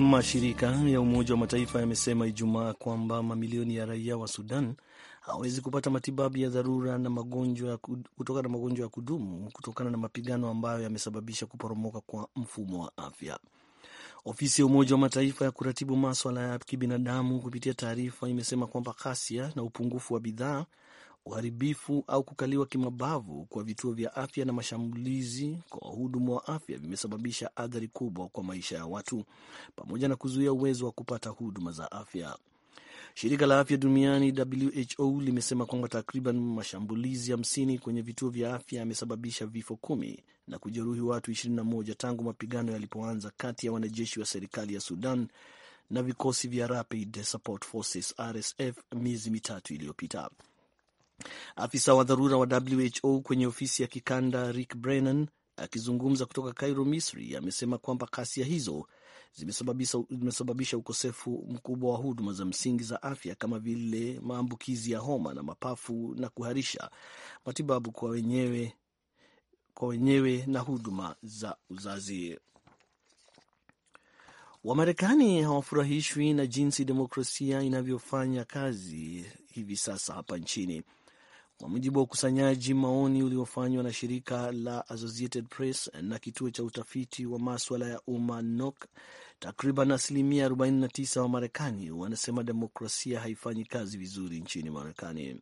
Mashirika ya Umoja wa Mataifa yamesema Ijumaa kwamba mamilioni ya raia wa Sudan hawawezi kupata matibabu ya dharura na magonjwa kutokana na magonjwa ya kudumu kutokana na mapigano ambayo yamesababisha kuporomoka kwa mfumo wa afya. Ofisi ya Umoja wa Mataifa ya kuratibu maswala ya kibinadamu kupitia taarifa imesema kwamba ghasia na upungufu wa bidhaa uharibifu au kukaliwa kimabavu kwa vituo vya afya na mashambulizi kwa wahudumu wa afya vimesababisha athari kubwa kwa maisha ya watu pamoja na kuzuia uwezo wa kupata huduma za afya. Shirika la afya duniani WHO limesema kwamba takriban mashambulizi hamsini kwenye vituo vya afya yamesababisha vifo kumi na kujeruhi watu 21 tangu mapigano yalipoanza kati ya wanajeshi wa serikali ya Sudan na vikosi vya Rapid Support Forces RSF miezi mitatu iliyopita. Afisa wa dharura wa WHO kwenye ofisi ya kikanda Rick Brennan akizungumza kutoka Cairo, Misri, amesema kwamba kasia hizo zimesababisha, zimesababisha ukosefu mkubwa wa huduma za msingi za afya kama vile maambukizi ya homa na mapafu na kuharisha, matibabu kwa wenyewe, kwa wenyewe na huduma za uzazi. Wamarekani hawafurahishwi na jinsi demokrasia inavyofanya kazi hivi sasa hapa nchini kwa mujibu wa ukusanyaji maoni uliofanywa na shirika la Associated Press na kituo cha utafiti wa maswala ya umma NOC, takriban asilimia 49 wa Marekani wanasema demokrasia haifanyi kazi vizuri nchini Marekani.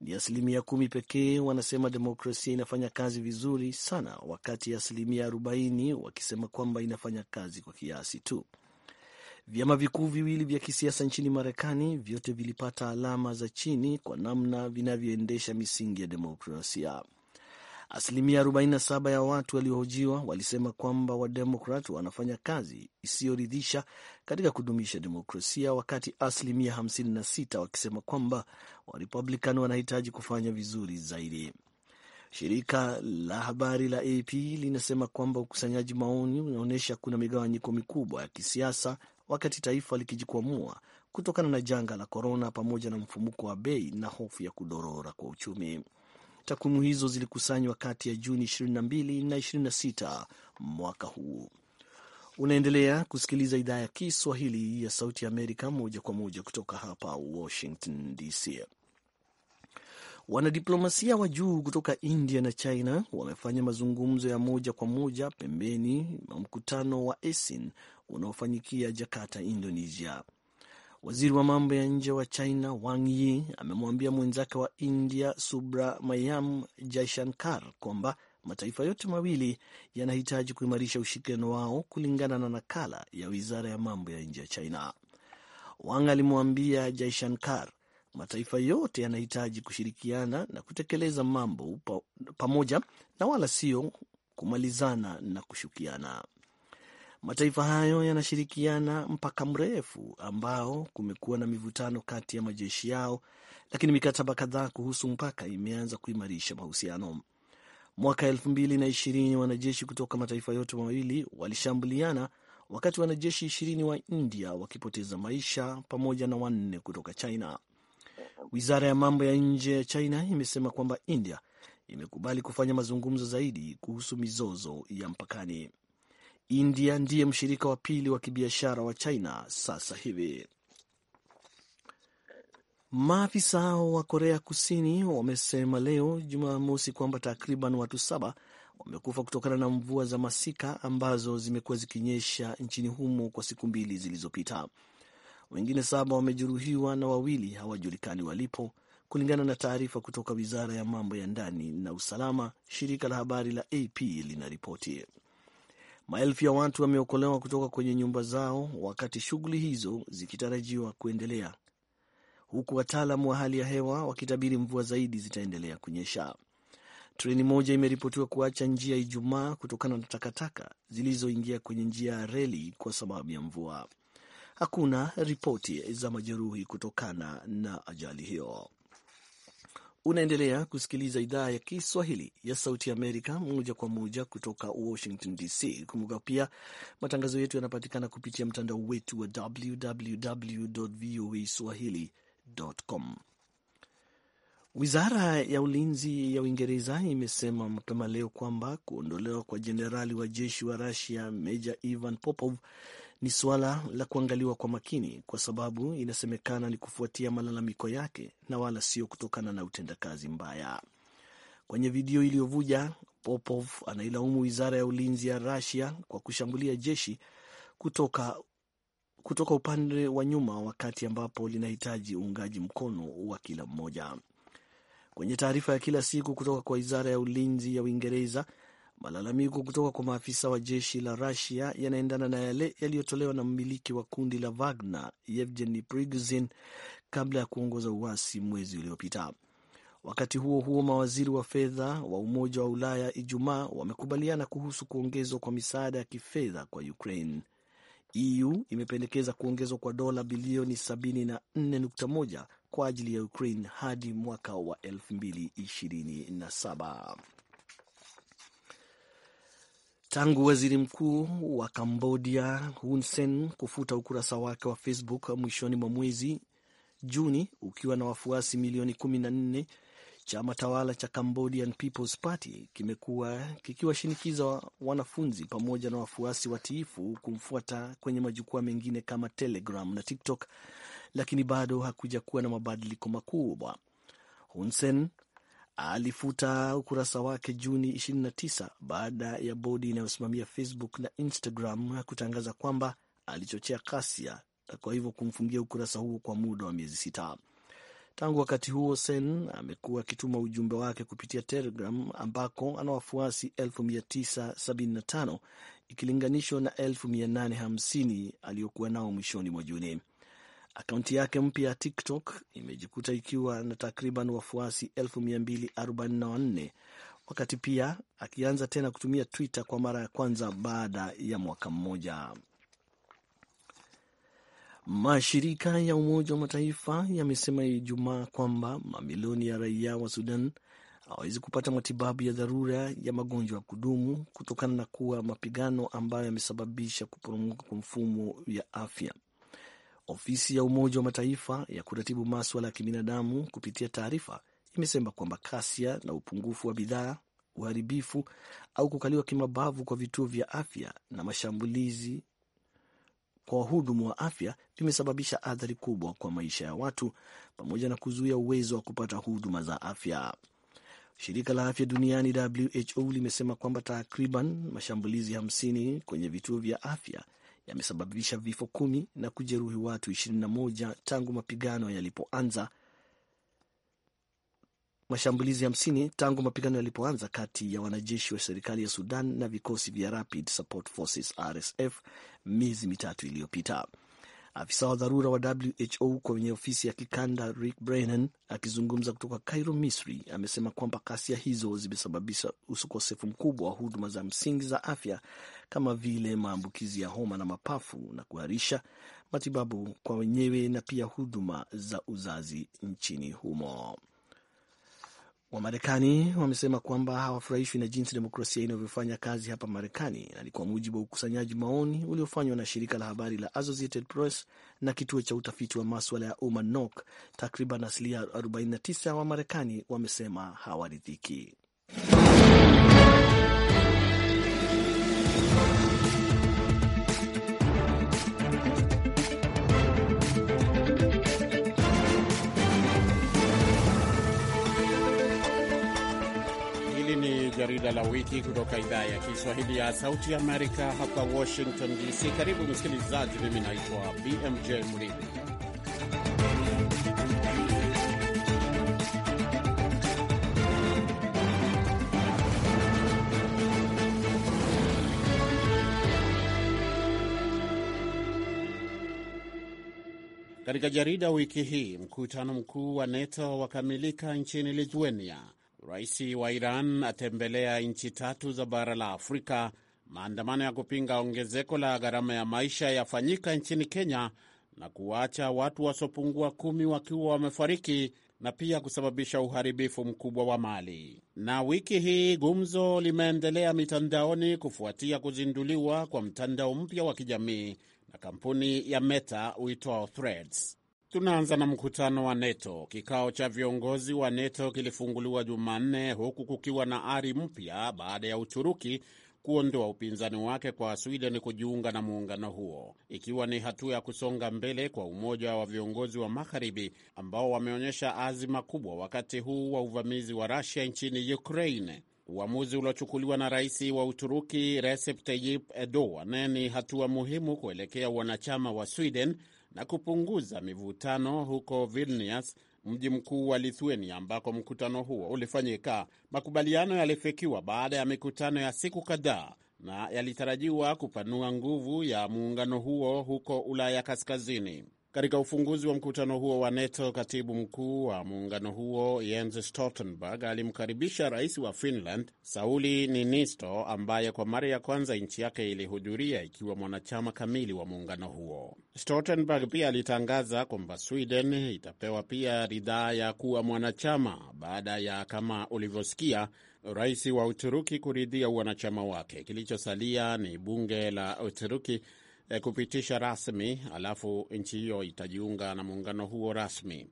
Ni asilimia kumi pekee wanasema demokrasia inafanya kazi vizuri sana, wakati asilimia 40 wakisema kwamba inafanya kazi kwa kiasi tu. Vyama vikuu viwili vya kisiasa nchini Marekani vyote vilipata alama za chini kwa namna vinavyoendesha misingi ya demokrasia. Asilimia 47 ya watu waliohojiwa walisema kwamba Wademokrat wanafanya kazi isiyoridhisha katika kudumisha demokrasia, wakati asilimia 56 wakisema kwamba Warepublican wanahitaji kufanya vizuri zaidi. Shirika la habari la AP linasema kwamba ukusanyaji maoni unaonyesha kuna migawanyiko mikubwa ya kisiasa wakati taifa likijikwamua kutokana na janga la korona pamoja na mfumuko wa bei na hofu ya kudorora kwa uchumi. Takwimu hizo zilikusanywa kati ya Juni 22 na 26 mwaka huu. Unaendelea kusikiliza idhaa ya Kiswahili ya Sauti ya Amerika moja kwa moja kutoka hapa Washington DC. Wanadiplomasia wa juu kutoka India na China wamefanya mazungumzo ya moja kwa moja pembeni mwa mkutano wa ASEAN unaofanyikia Jakarta, Indonesia. Waziri wa mambo ya nje wa China Wang Yi amemwambia mwenzake wa India mayam Jaishankar kwamba mataifa yote mawili yanahitaji kuimarisha ushirikiano wao kulingana na nakala ya wizara ya mambo ya nje ya China. Wang alimwambia Jaishankar mataifa yote yanahitaji kushirikiana na kutekeleza mambo pamoja na wala sio kumalizana na kushukiana. Mataifa hayo yanashirikiana mpaka mrefu ambao kumekuwa na mivutano kati ya majeshi yao, lakini mikataba kadhaa kuhusu mpaka imeanza kuimarisha mahusiano. Mwaka elfu mbili na ishirini wanajeshi kutoka mataifa yote mawili walishambuliana wakati wanajeshi ishirini wa India wakipoteza maisha pamoja na wanne kutoka China. Wizara ya mambo ya nje ya China imesema kwamba India imekubali kufanya mazungumzo zaidi kuhusu mizozo ya mpakani. India ndiye mshirika wa pili wa kibiashara wa China sasa hivi. Maafisa wa Korea Kusini wamesema leo Jumamosi kwamba takriban watu saba wamekufa kutokana na mvua za masika ambazo zimekuwa zikinyesha nchini humo kwa siku mbili zilizopita. Wengine saba wamejeruhiwa na wawili hawajulikani walipo, kulingana na taarifa kutoka wizara ya mambo ya ndani na usalama, shirika la habari la AP linaripoti. Maelfu ya watu wameokolewa kutoka kwenye nyumba zao wakati shughuli hizo zikitarajiwa kuendelea, huku wataalamu wa hali ya hewa wakitabiri mvua zaidi zitaendelea kunyesha. Treni moja imeripotiwa kuacha njia Ijumaa kutokana na takataka zilizoingia kwenye njia ya reli kwa sababu ya mvua. Hakuna ripoti za majeruhi kutokana na ajali hiyo. Unaendelea kusikiliza idhaa ya Kiswahili ya Sauti ya Amerika moja kwa moja kutoka Washington DC. Kumbuka pia matangazo yetu yanapatikana kupitia mtandao wetu wa www voa swahili.com. Wizara ya ulinzi ya Uingereza imesema mapema leo kwamba kuondolewa kwa jenerali wa jeshi wa Rusia Meja Ivan Popov ni suala la kuangaliwa kwa makini, kwa sababu inasemekana ni kufuatia malalamiko yake na wala sio kutokana na utendakazi mbaya. Kwenye video iliyovuja, Popov anailaumu wizara ya ulinzi ya rasia kwa kushambulia jeshi kutoka, kutoka upande wa nyuma wakati ambapo linahitaji uungaji mkono wa kila mmoja. Kwenye taarifa ya kila siku kutoka kwa wizara ya ulinzi ya Uingereza Malalamiko kutoka kwa maafisa wa jeshi la Rusia yanaendana na yale yaliyotolewa na mmiliki wa kundi la Wagner Yevgeny Prigozhin kabla ya kuongoza uasi mwezi uliopita. Wakati huo huo, mawaziri wa fedha wa Umoja wa Ulaya Ijumaa wamekubaliana kuhusu kuongezwa kwa misaada ya kifedha kwa Ukraine. EU imependekeza kuongezwa kwa dola bilioni 74.1 kwa ajili ya Ukraine hadi mwaka wa 2027 tangu waziri mkuu wa Kambodia Hun Sen kufuta ukurasa wake wa Facebook mwishoni mwa mwezi Juni ukiwa na wafuasi milioni kumi na nne chama tawala cha Cambodian People's Party kimekuwa kikiwashinikiza wanafunzi pamoja na wafuasi watiifu kumfuata kwenye majukwaa mengine kama Telegram na TikTok, lakini bado hakuja kuwa na mabadiliko makubwa. Hun Sen alifuta ukurasa wake Juni 29 baada ya bodi inayosimamia Facebook na Instagram kutangaza kwamba alichochea kasia na kwa hivyo kumfungia ukurasa huo kwa muda wa miezi sita. Tangu wakati huo, Sen amekuwa akituma ujumbe wake kupitia Telegram ambako ana wafuasi 975 ikilinganishwa na 850 aliyokuwa nao mwishoni mwa Juni. Akaunti yake mpya ya TikTok imejikuta ikiwa na takriban wafuasi 244 wakati pia akianza tena kutumia Twitter kwa mara ya kwanza baada ya mwaka mmoja. Mashirika ya Umoja wa Mataifa yamesema Ijumaa kwamba mamilioni ya raia wa Sudan hawawezi kupata matibabu ya dharura ya magonjwa ya kudumu kutokana na kuwa mapigano ambayo yamesababisha kuporomoka kwa mfumo ya afya Ofisi ya Umoja wa Mataifa ya kuratibu maswala ya kibinadamu kupitia taarifa imesema kwamba kasia na upungufu wa bidhaa, uharibifu au kukaliwa kimabavu kwa vituo vya afya na mashambulizi kwa wahudumu wa afya vimesababisha athari kubwa kwa maisha ya watu pamoja na kuzuia uwezo wa kupata huduma za afya. Shirika la afya duniani WHO limesema kwamba takriban mashambulizi hamsini kwenye vituo vya afya yamesababisha vifo kumi na kujeruhi watu 21 tangu mapigano yalipoanza mashambulizi hamsini tangu mapigano yalipoanza kati ya wanajeshi wa serikali ya Sudan na vikosi vya Rapid Support Forces RSF miezi mitatu iliyopita. Afisa wa dharura wa WHO kwenye ofisi ya kikanda Rick Brennan akizungumza kutoka Cairo, Misri, amesema kwamba kasia hizo zimesababisha ukosefu mkubwa wa huduma za msingi za afya kama vile maambukizi ya homa na mapafu na kuharisha, matibabu kwa wenyewe na pia huduma za uzazi nchini humo. Wamarekani wamesema kwamba hawafurahishwi na jinsi demokrasia inavyofanya kazi hapa Marekani, na ni kwa mujibu wa ukusanyaji maoni uliofanywa na shirika la habari la Associated Press na kituo cha utafiti wa maswala ya umma NOC. Takriban asilia 49 wa Marekani wamesema hawaridhiki. Jarida la wiki kutoka idhaa ya Kiswahili ya Sauti Amerika hapa Washington DC. Karibu msikilizaji, mimi naitwa BMJ Mridhi Katika jarida wiki hii, mkutano mkuu wa NATO wakamilika nchini Lithuania. Rais wa Iran atembelea nchi tatu za bara la Afrika. Maandamano ya kupinga ongezeko la gharama ya maisha yafanyika nchini Kenya na kuwaacha watu wasiopungua kumi wakiwa wamefariki na pia kusababisha uharibifu mkubwa wa mali. Na wiki hii gumzo limeendelea mitandaoni kufuatia kuzinduliwa kwa mtandao mpya wa kijamii na kampuni ya Meta uitwao Threads. Tunaanza na mkutano wa NATO. Kikao cha viongozi wa NATO kilifunguliwa Jumanne huku kukiwa na ari mpya baada ya Uturuki kuondoa upinzani wake kwa Sweden kujiunga na muungano huo, ikiwa ni hatua ya kusonga mbele kwa umoja wa viongozi wa Magharibi ambao wameonyesha azima kubwa wakati huu wa uvamizi wa Rusia nchini Ukraine. Uamuzi uliochukuliwa na rais wa Uturuki Recep Tayyip Erdogan ni hatua muhimu kuelekea wanachama wa Sweden na kupunguza mivutano huko Vilnius, mji mkuu wa Lithuania, ambako mkutano huo ulifanyika. Makubaliano yalifikiwa baada ya mikutano ya siku kadhaa na yalitarajiwa kupanua nguvu ya muungano huo huko Ulaya Kaskazini. Katika ufunguzi wa mkutano huo wa NATO, katibu mkuu wa muungano huo Jens Stoltenberg alimkaribisha rais wa Finland Sauli Niinisto, ambaye kwa mara ya kwanza nchi yake ilihudhuria ikiwa mwanachama kamili wa muungano huo. Stoltenberg pia alitangaza kwamba Sweden itapewa pia ridhaa ya kuwa mwanachama baada ya, kama ulivyosikia, rais wa Uturuki kuridhia wanachama wake. Kilichosalia ni bunge la Uturuki e, kupitisha rasmi, alafu nchi hiyo itajiunga na muungano huo rasmi.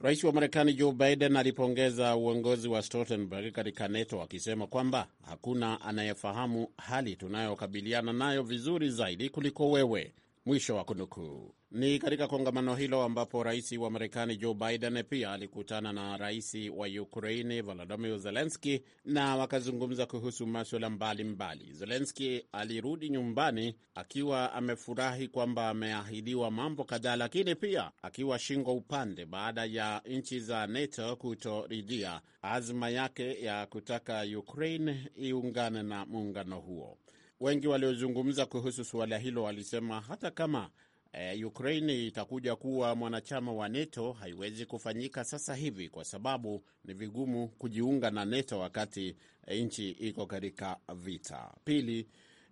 Rais wa Marekani Joe Biden alipongeza uongozi wa Stoltenberg katika NATO akisema kwamba hakuna anayefahamu hali tunayokabiliana nayo vizuri zaidi kuliko wewe. Mwisho wa kunukuu. Ni katika kongamano hilo ambapo rais wa Marekani Joe Biden pia alikutana na rais wa Ukraini Volodymyr Zelenski na wakazungumza kuhusu maswala mbalimbali. Zelenski alirudi nyumbani akiwa amefurahi kwamba ameahidiwa mambo kadhaa, lakini pia akiwa shingo upande baada ya nchi za NATO kutoridhia azma yake ya kutaka Ukraine iungane na muungano huo. Wengi waliozungumza kuhusu suala hilo walisema hata kama e, eh, Ukraini itakuja kuwa mwanachama wa NATO haiwezi kufanyika sasa hivi kwa sababu ni vigumu kujiunga na NATO wakati eh, nchi iko katika vita. Pili,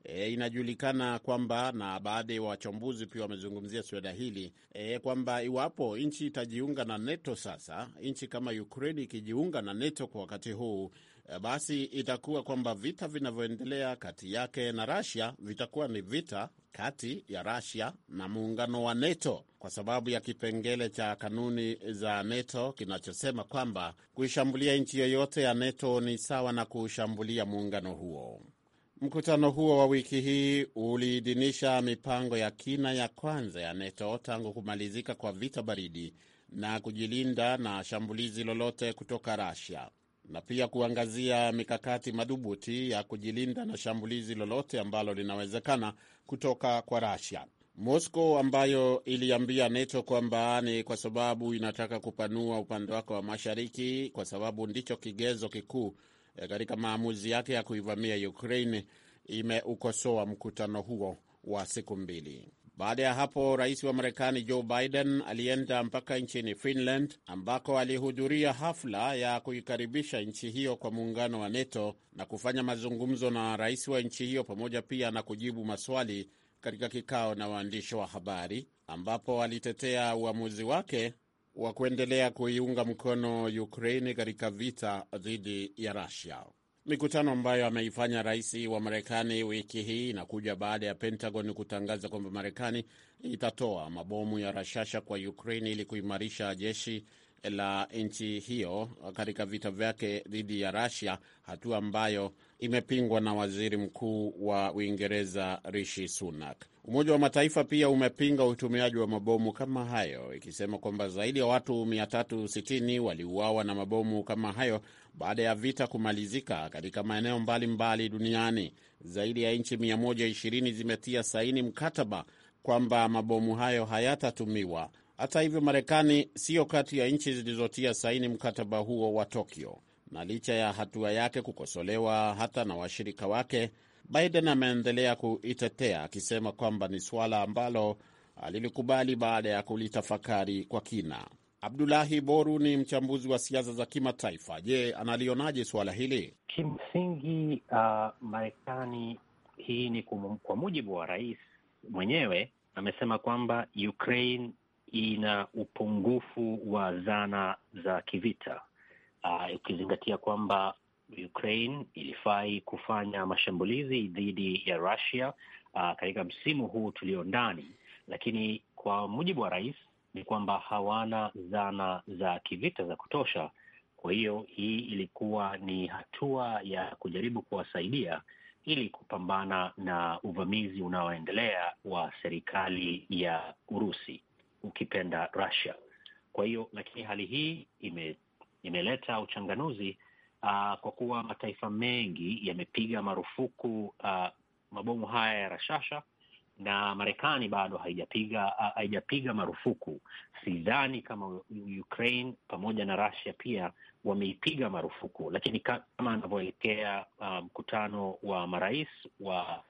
E, inajulikana kwamba na baadhi ya wachambuzi pia wamezungumzia suala hili e, kwamba iwapo nchi itajiunga na NATO sasa, nchi kama Ukraine ikijiunga na NATO kwa wakati huu Eh, basi itakuwa kwamba vita vinavyoendelea kati yake na Russia vitakuwa ni vita kati ya Russia na muungano wa NATO kwa sababu ya kipengele cha kanuni za NATO kinachosema kwamba kuishambulia nchi yoyote ya NATO ni sawa na kuushambulia muungano huo. Mkutano huo wa wiki hii uliidhinisha mipango ya kina ya kwanza ya NATO tangu kumalizika kwa vita baridi na kujilinda na shambulizi lolote kutoka Russia na pia kuangazia mikakati madhubuti ya kujilinda na shambulizi lolote ambalo linawezekana kutoka kwa Rasia. Moscow ambayo iliambia NATO kwamba ni kwa sababu inataka kupanua upande wake wa mashariki, kwa sababu ndicho kigezo kikuu eh, katika maamuzi yake ya kuivamia Ukraine, imeukosoa mkutano huo wa siku mbili. Baada ya hapo, rais wa Marekani Joe Biden alienda mpaka nchini Finland ambako alihudhuria hafla ya kuikaribisha nchi hiyo kwa muungano wa NATO na kufanya mazungumzo na rais wa nchi hiyo pamoja pia na kujibu maswali katika kikao na waandishi wa habari ambapo alitetea uamuzi wake wa kuendelea kuiunga mkono Ukraini katika vita dhidi ya Rusia. Mikutano ambayo ameifanya rais wa Marekani wiki hii inakuja baada ya Pentagon kutangaza kwamba Marekani itatoa mabomu ya rashasha kwa Ukraine ili kuimarisha jeshi la nchi hiyo katika vita vyake dhidi ya Russia, hatua ambayo imepingwa na waziri mkuu wa Uingereza Rishi Sunak. Umoja wa Mataifa pia umepinga utumiaji wa mabomu kama hayo, ikisema kwamba zaidi ya watu 360 waliuawa na mabomu kama hayo baada ya vita kumalizika katika maeneo mbalimbali duniani. Zaidi ya nchi 120 zimetia saini mkataba kwamba mabomu hayo hayatatumiwa. Hata hivyo, Marekani siyo kati ya nchi zilizotia saini mkataba huo wa Tokyo, na licha ya hatua yake kukosolewa hata na washirika wake, Biden ameendelea kuitetea akisema kwamba ni suala ambalo alilikubali baada ya kulitafakari kwa kina. Abdulahi Boru ni mchambuzi wa siasa za kimataifa. Je, analionaje suala hili? Kimsingi uh, Marekani hii ni kumu, kwa mujibu wa rais mwenyewe amesema kwamba Ukraine ina upungufu wa zana za kivita uh, ukizingatia kwamba Ukraine ilifai kufanya mashambulizi dhidi ya Russia uh, katika msimu huu tulio ndani, lakini kwa mujibu wa rais ni kwamba hawana zana za kivita za kutosha. Kwa hiyo hii ilikuwa ni hatua ya kujaribu kuwasaidia ili kupambana na uvamizi unaoendelea wa serikali ya Urusi, ukipenda Russia. Kwa hiyo lakini hali hii ime, imeleta uchanganuzi uh, kwa kuwa mataifa mengi yamepiga marufuku uh, mabomu haya ya rashasha na Marekani bado haijapiga haijapiga marufuku. Sidhani kama Ukraine pamoja na Russia pia wameipiga marufuku, lakini kama anavyoelekea uh, mkutano um, wa marais wa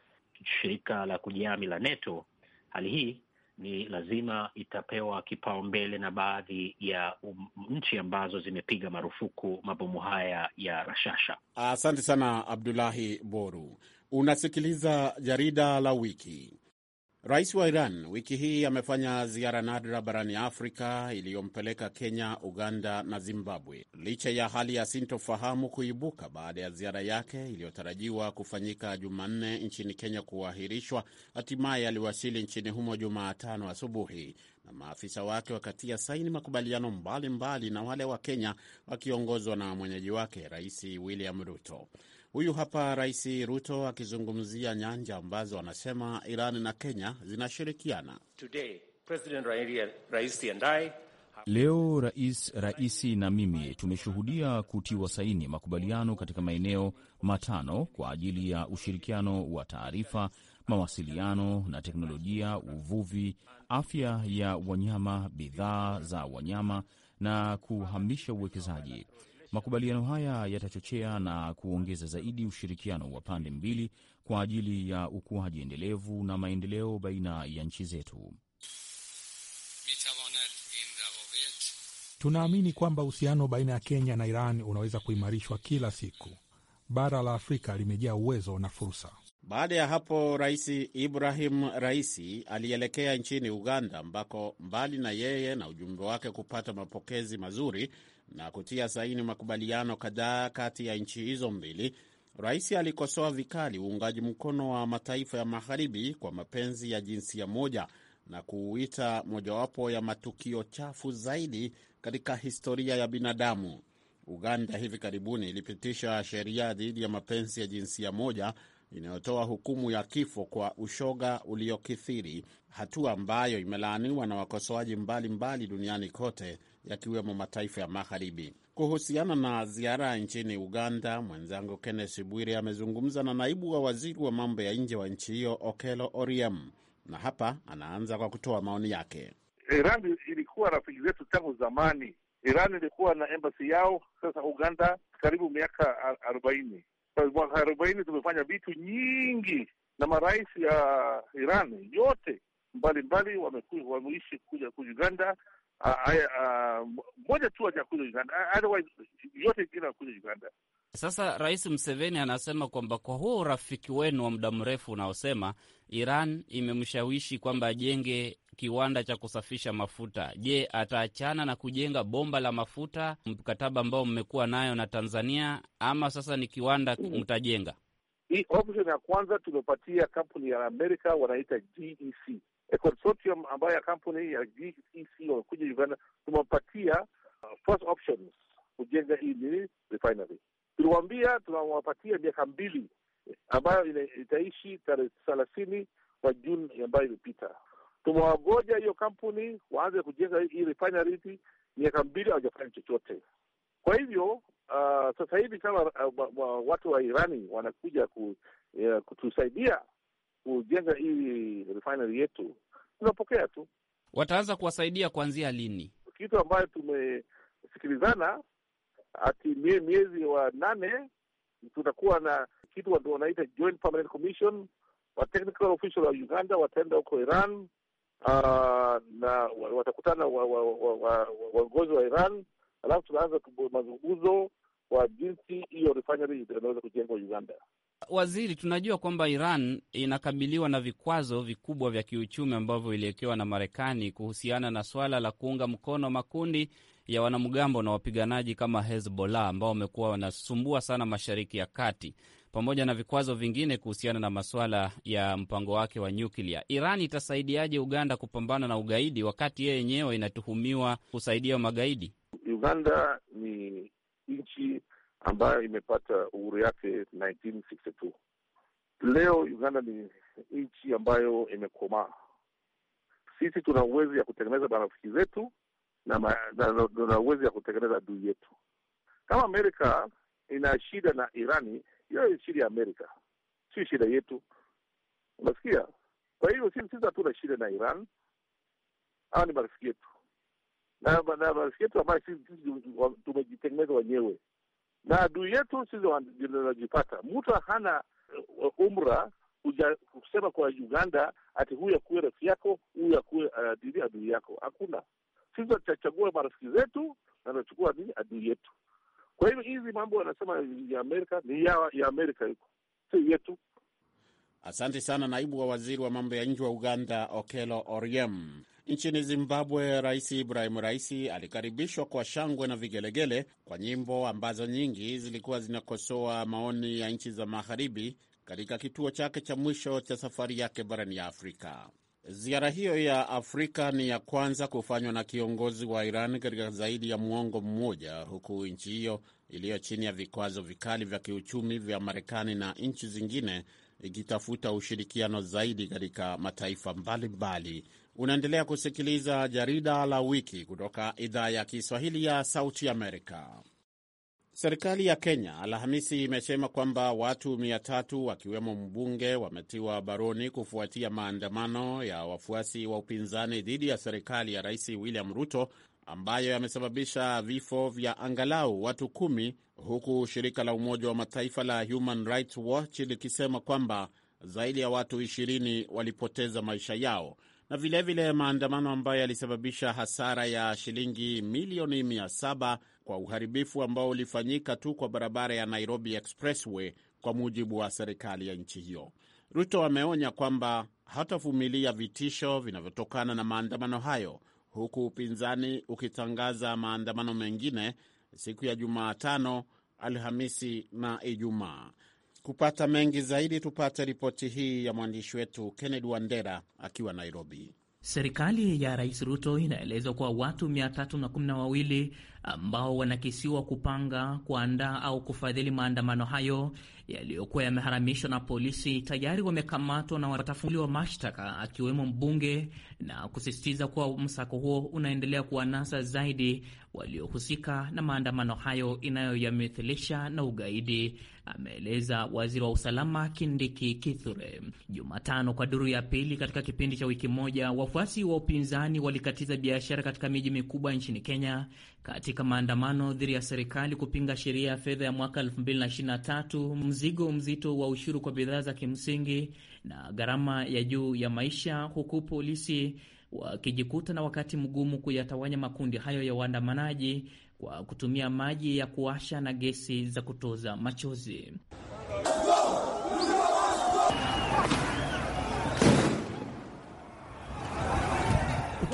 shirika la kujihami la NATO, hali hii ni lazima itapewa kipaumbele na baadhi ya um, nchi ambazo zimepiga marufuku mabomu haya ya rashasha. Asante sana Abdulahi Boru. Unasikiliza jarida la wiki. Rais wa Iran wiki hii amefanya ziara nadra barani Afrika iliyompeleka Kenya, Uganda na Zimbabwe, licha ya hali ya sintofahamu kuibuka baada ya ziara yake iliyotarajiwa kufanyika Jumanne nchini Kenya kuahirishwa. Hatimaye aliwasili nchini humo Jumatano asubuhi na maafisa wake wakatia saini makubaliano mbalimbali mbali na wale wa Kenya wakiongozwa na mwenyeji wake Rais William Ruto. Huyu hapa Rais Ruto akizungumzia nyanja ambazo anasema Iran na Kenya zinashirikiana. Today, President Raisi and I Leo rais raisi na mimi tumeshuhudia kutiwa saini makubaliano katika maeneo matano kwa ajili ya ushirikiano wa taarifa, mawasiliano na teknolojia, uvuvi, afya ya wanyama, bidhaa za wanyama na kuhamisha uwekezaji. Makubaliano haya yatachochea na kuongeza zaidi ushirikiano wa pande mbili kwa ajili ya ukuaji endelevu na maendeleo baina ya nchi zetu. Tunaamini kwamba uhusiano baina ya Kenya na Iran unaweza kuimarishwa kila siku. Bara la Afrika limejaa uwezo na fursa. Baada ya hapo, Rais Ibrahim Raisi alielekea nchini Uganda, ambako mbali na yeye na ujumbe wake kupata mapokezi mazuri na kutia saini makubaliano kadhaa kati ya nchi hizo mbili, rais alikosoa vikali uungaji mkono wa mataifa ya magharibi kwa mapenzi ya jinsia moja na kuuita mojawapo ya matukio chafu zaidi katika historia ya binadamu. Uganda hivi karibuni ilipitisha sheria dhidi ya mapenzi ya jinsia moja inayotoa hukumu ya kifo kwa ushoga uliokithiri, hatua ambayo imelaaniwa na wakosoaji mbalimbali duniani kote yakiwemo mataifa ya magharibi. Kuhusiana na ziara nchini Uganda, mwenzangu Kennes Bwire amezungumza na naibu wa waziri wa mambo ya nje wa nchi hiyo Okelo Oriem, na hapa anaanza kwa kutoa maoni yake. Iran ilikuwa rafiki zetu tangu zamani. Iran ilikuwa na embassy yao sasa Uganda karibu miaka arobaini. Mwaka arobaini tumefanya vitu nyingi na marais ya Iran yote mbalimbali wameishi kuja kuuganda Uganda Ah, ah, ah, moja tu hajakuja Uganda, otherwise yote ingine akuja Uganda. Sasa Rais mseveni anasema kwamba kwa huo urafiki wenu wa muda mrefu unaosema Iran imemshawishi kwamba ajenge kiwanda cha kusafisha mafuta. Je, ataachana na kujenga bomba la mafuta, mkataba ambao mmekuwa nayo na Tanzania, ama sasa ni kiwanda mtajenga? Hii option ya kwanza tumepatia kampuni ya Amerika wanaita GEC e consortium ambayo ya kampuni ya GCC e wamekuja Uganda, tumewapatia uh, first options kujenga hii nini refinery. Tuliwaambia tunawapatia miaka mbili eh, ambayo itaishi tarehe thelathini wa Juni ambayo imepita. Tumewagoja hiyo kampuni waanze kujenga hii refinery, miaka mbili hawajafanya chochote. Kwa hivyo uh, sasa hivi kama uh, watu wa Irani wanakuja ku, uh, kutusaidia kujenga hii refinery yetu, tunapokea tu. Wataanza kuwasaidia kuanzia lini? Kitu ambayo tumesikilizana ati mie miezi wa nane tutakuwa na kitu wanaita Joint Permanent Commission, wa technical official wa Uganda wataenda huko Iran, uh, na watakutana waongozi wa Iran, alafu tunaanza mazungumzo wa jinsi hiyo refinery inaweza kujengwa Uganda. Waziri, tunajua kwamba Iran inakabiliwa na vikwazo vikubwa vya kiuchumi ambavyo iliwekewa na Marekani kuhusiana na swala la kuunga mkono makundi ya wanamgambo na wapiganaji kama Hezbollah ambao wamekuwa wanasumbua sana Mashariki ya Kati, pamoja na vikwazo vingine kuhusiana na masuala ya mpango wake wa nyuklia. Iran itasaidiaje Uganda kupambana na ugaidi wakati yeye yenyewe inatuhumiwa kusaidia magaidi? Uganda ni nchi ambayo imepata uhuru yake 1962. Leo Uganda ni nchi ambayo imekomaa. Sisi tuna uwezo ya kutengeneza marafiki zetu na tuna uwezo ya kutengeneza adui yetu. Kama Amerika ina shida na Irani, hiyo shida ya Amerika, si shida yetu. Unasikia? Kwa hivyo sisi hatuna shida na Iran, hawa ni marafiki yetu na marafiki yetu ambayo sisi tumejitengeneza wenyewe na adui yetu sisi wanajipata. Mtu hana eh, umra uja kusema kwa Uganda ati huyu akuwe rafiki yako, huyu akuwe dini eh, adui yako. Hakuna, sisi tutachagua marafiki zetu na tutachukua nini adui yetu. Kwa hivyo hizi mambo wanasema ya Amerika ni ya, ya Amerika iko si yetu. Asante sana naibu wa waziri wa mambo ya nje wa Uganda Okelo Oryem. Nchini Zimbabwe, Rais Ibrahim Raisi alikaribishwa kwa shangwe na vigelegele kwa nyimbo ambazo nyingi zilikuwa zinakosoa maoni ya nchi za magharibi katika kituo chake cha mwisho cha safari yake barani ya Afrika. Ziara hiyo ya Afrika ni ya kwanza kufanywa na kiongozi wa Iran katika zaidi ya muongo mmoja, huku nchi hiyo iliyo chini ya vikwazo vikali vya kiuchumi vya Marekani na nchi zingine ikitafuta ushirikiano zaidi katika mataifa mbalimbali mbali Unaendelea kusikiliza jarida la wiki kutoka idhaa ya Kiswahili ya Sauti Amerika. Serikali ya Kenya Alhamisi imesema kwamba watu 3 wakiwemo mbunge wametiwa baroni kufuatia maandamano ya wafuasi wa upinzani dhidi ya serikali ya Rais William Ruto ambayo yamesababisha vifo vya angalau watu kumi, huku shirika la Umoja wa Mataifa la Human Rights Watch likisema kwamba zaidi ya watu 20 walipoteza maisha yao na vilevile maandamano ambayo yalisababisha hasara ya shilingi milioni mia saba kwa uharibifu ambao ulifanyika tu kwa barabara ya Nairobi Expressway kwa mujibu wa serikali ya nchi hiyo. Ruto ameonya kwamba hatavumilia vitisho vinavyotokana na maandamano hayo, huku upinzani ukitangaza maandamano mengine siku ya Jumatano, Alhamisi na Ijumaa. Kupata mengi zaidi, tupate ripoti hii ya mwandishi wetu Kennedy Wandera akiwa Nairobi. Serikali ya Rais Ruto inaelezwa kuwa watu 312 ambao wanakisiwa kupanga, kuandaa au kufadhili maandamano hayo yaliyokuwa yameharamishwa na polisi tayari wamekamatwa na watafunguliwa mashtaka, akiwemo mbunge, na kusisitiza kuwa msako huo unaendelea kuwanasa zaidi waliohusika na maandamano hayo inayoyamithilisha na ugaidi, ameeleza waziri wa usalama Kindiki Kithure Jumatano. Kwa duru ya pili katika kipindi cha wiki moja, wafuasi wa upinzani walikatiza biashara katika miji mikubwa nchini Kenya katika maandamano dhidi ya serikali kupinga sheria ya fedha ya mwaka 2023, mzigo mzito wa ushuru kwa bidhaa za kimsingi na gharama ya juu ya maisha, huku polisi wakijikuta na wakati mgumu kuyatawanya makundi hayo ya waandamanaji kwa kutumia maji ya kuasha na gesi za kutoza machozi.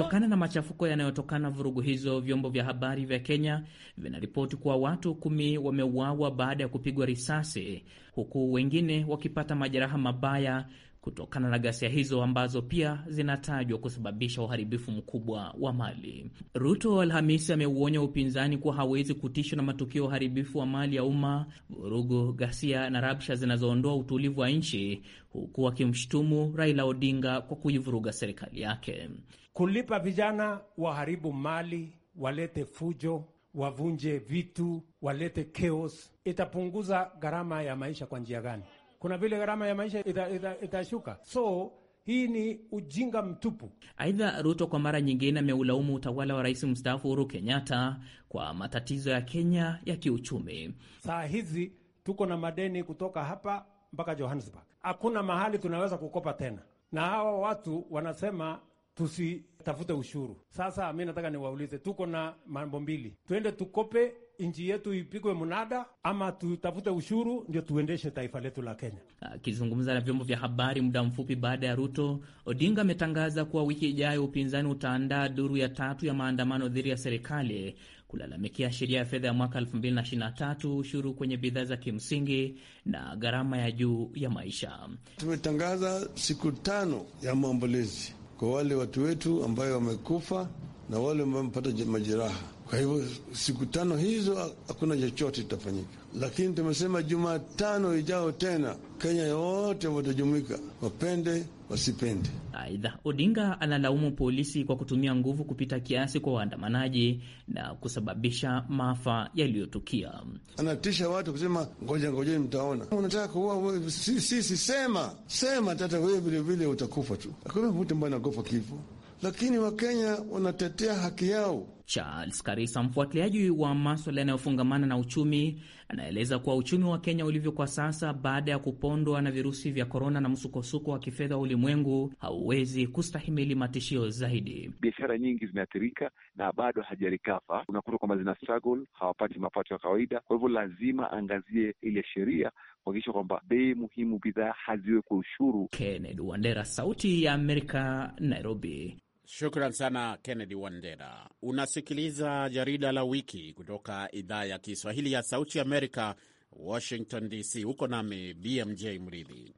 Kutokana na machafuko yanayotokana vurugu hizo, vyombo vya habari vya Kenya vinaripoti kuwa watu kumi wameuawa baada ya kupigwa risasi, huku wengine wakipata majeraha mabaya kutokana na ghasia hizo ambazo pia zinatajwa kusababisha uharibifu mkubwa wa mali. Ruto Alhamisi ameuonya upinzani kuwa hawezi kutishwa na matukio ya uharibifu wa mali ya umma, vurugu, ghasia na rabsha zinazoondoa utulivu wa nchi, huku akimshutumu Raila Odinga kwa kuivuruga serikali yake kulipa vijana waharibu mali, walete fujo, wavunje vitu, walete chaos. Itapunguza gharama ya maisha kwa njia gani? Kuna vile gharama ya maisha itashuka, ita, ita so hii ni ujinga mtupu. Aidha, Ruto kwa mara nyingine ameulaumu utawala wa rais mstaafu Uhuru Kenyatta kwa matatizo ya Kenya ya kiuchumi. Saa hizi tuko na madeni kutoka hapa mpaka Johannesburg, hakuna mahali tunaweza kukopa tena, na hawa watu wanasema tusi tafute ushuru. Sasa mi nataka niwaulize, tuko na mambo mbili, twende tukope nchi yetu ipigwe mnada ama tutafute ushuru ndio tuendeshe taifa letu la Kenya. Akizungumza na vyombo vya habari muda mfupi baada ya Ruto, Odinga ametangaza kuwa wiki ijayo upinzani utaandaa duru ya tatu ya maandamano dhidi ya serikali kulalamikia sheria ya fedha ya mwaka 2023, ushuru kwenye bidhaa za kimsingi na gharama ya juu ya maisha. Tumetangaza siku tano ya maombolezi kwa wale watu wetu ambayo wamekufa na wale ambao wamepata majeraha. Kwa hivyo siku tano hizo hakuna chochote itafanyika, lakini tumesema Jumatano ijao tena Kenya yote watajumuika wapende wasipende. Aidha, Odinga analaumu polisi kwa kutumia nguvu kupita kiasi kwa waandamanaji na kusababisha maafa yaliyotukia. Anatisha watu kusema ngoja ngojeni, mtaona. Unataka kuua Sisi si, si, sema sema, tata wewe vilevile utakufa tu. Akuna mtu ambaye anagopa kifo, lakini Wakenya wanatetea haki yao. Charles Karisa, mfuatiliaji wa maswala yanayofungamana na uchumi, anaeleza kuwa uchumi wa Kenya ulivyo kwa sasa baada ya kupondwa na virusi vya korona na msukosuko wa kifedha wa ulimwengu hauwezi kustahimili matishio zaidi. Biashara nyingi zimeathirika na bado hajarikafa, unakuta kwamba zina struggle, hawapati mapato ya kawaida. Kwa hivyo lazima aangazie ile sheria kuhakikisha kwamba bei muhimu bidhaa haziwe kwa ushuru. Kennedy Wandera, Sauti ya Amerika, Nairobi. Shukran sana Kennedy Wandera. Unasikiliza jarida la wiki kutoka idhaa ya Kiswahili ya Sauti Amerika, Washington DC. Huko nami BMJ Mridhi.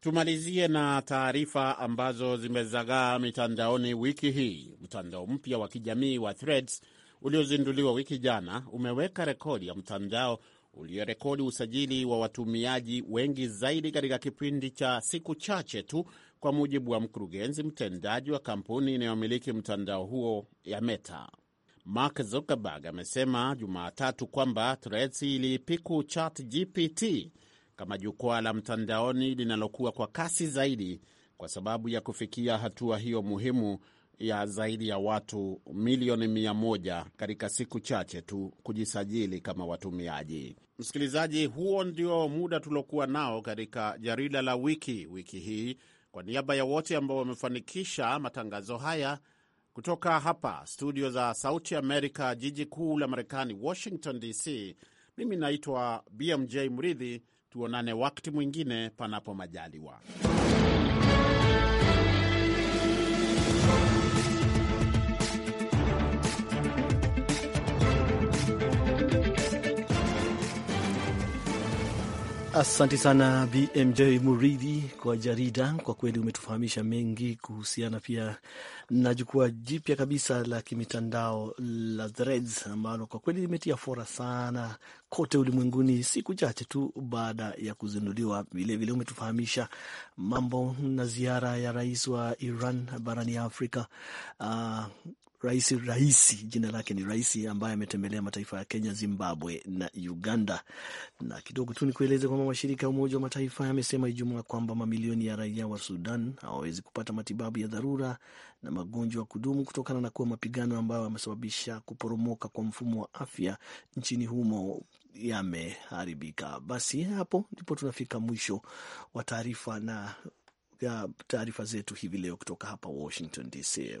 Tumalizie na taarifa ambazo zimezagaa mitandaoni wiki hii. Mtandao mpya wa kijamii wa Threads uliozinduliwa wiki jana umeweka rekodi ya mtandao uliorekodi usajili wa watumiaji wengi zaidi katika kipindi cha siku chache tu kwa mujibu wa mkurugenzi mtendaji wa kampuni inayomiliki mtandao huo ya Meta. Mark Zuckerberg amesema Jumatatu kwamba Threads iliipiku GPT kama jukwaa la mtandaoni linalokuwa kwa kasi zaidi kwa sababu ya kufikia hatua hiyo muhimu ya zaidi ya watu milioni mia moja katika siku chache tu kujisajili kama watumiaji. Msikilizaji, huo ndio muda tuliokuwa nao katika jarida la wiki wiki hii. Kwa niaba ya wote ambao wamefanikisha matangazo haya kutoka hapa studio za Sauti Amerika, jiji kuu la Marekani, Washington DC, mimi naitwa BMJ Mridhi. Tuonane wakati mwingine, panapo majaliwa. Asante sana BMJ Muridhi kwa jarida, kwa kweli umetufahamisha mengi kuhusiana pia na jukwaa jipya kabisa la kimitandao la Threads ambalo kwa kweli limetia fora sana kote ulimwenguni siku chache tu baada ya kuzinduliwa. Vilevile umetufahamisha mambo na ziara ya rais wa Iran barani Afrika, uh, rais rais jina lake ni rais ambaye ametembelea mataifa ya Kenya, Zimbabwe na Uganda. Na kidogo tu ni kueleza kwamba mashirika ya Umoja wa Mataifa yamesema Ijumaa kwamba mamilioni ya raia wa Sudan hawawezi kupata matibabu ya dharura na magonjwa ya kudumu kutokana na kuwa mapigano ambayo yamesababisha kuporomoka kwa mfumo wa afya nchini humo yameharibika. Basi hapo ndipo tunafika mwisho wa taarifa na taarifa zetu hivi leo kutoka hapa Washington DC.